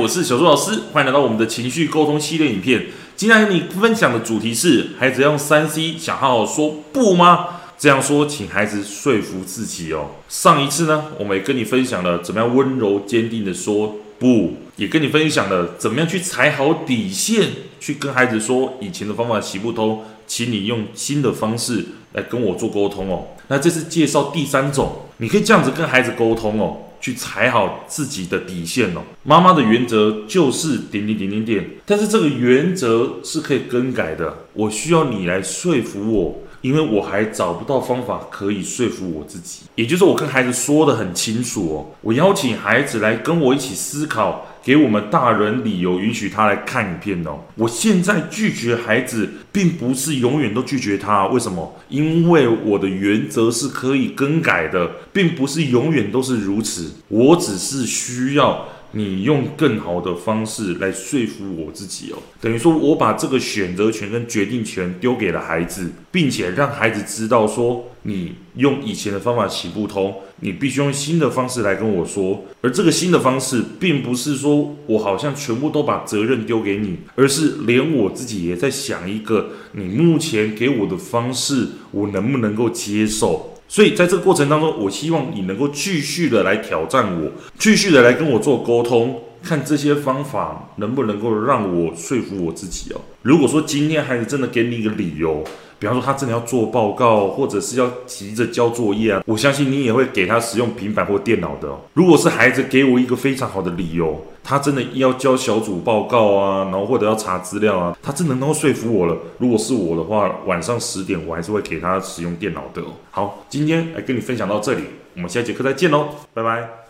我是小朱老師，歡迎來到我們的情緒溝通系列影片。今天跟你分享的主題是：孩子要用三 C 想好好說不嗎？這樣說，請孩子說服自己哦。上一次呢，我們也跟你分享了怎麼樣溫柔堅定的說不，也跟你分享了怎麼樣去踩好底線，去跟孩子說以前的方法行不通，請你用新的方式來跟我做溝通哦。那這次介紹第三種，你可以這樣子跟孩子溝通哦。去踩好自己的底線哦。媽媽的原則就是點點點點點，但是這個原則是可以更改的。我需要你來說服我，因為我還找不到方法可以說服我自己。也就是我跟孩子說的很清楚哦，我邀請孩子來跟我一起思考。給我們大人理由允許他來看影片哦。我現在拒絕孩子，並不是永遠都拒絕他。為什麼？因為我的原則是可以更改的，並不是永遠都是如此。我只是需要。你用更好的方式來說服我自己哦，等於說，我把這個選擇權跟決定權丟給了孩子，並且讓孩子知道說，你用以前的方法行不通，你必須用新的方式來跟我說。而這個新的方式，並不是說我好像全部都把責任丟給你，而是連我自己也在想一個，你目前給我的方式，我能不能夠接受？所以在這個過程當中，我希望你能夠繼續的來挑戰我，繼續的來跟我做溝通。看這些方法能不能夠讓我說服我自己哦。如果說今天孩子真的給你一個理由，比方說他真的要做報告，或者是要急着交作業啊，我相信你也會給他使用平板或電腦的哦。如果是孩子給我一個非常好的理由，他真的要交小組報告啊，然後或者要查資料啊，他真的能夠說服我了。如果是我的話，晚上十點我還是會給他使用電腦的哦。好，今天來跟你分享到這裡，我們下節課再見嘍，拜拜。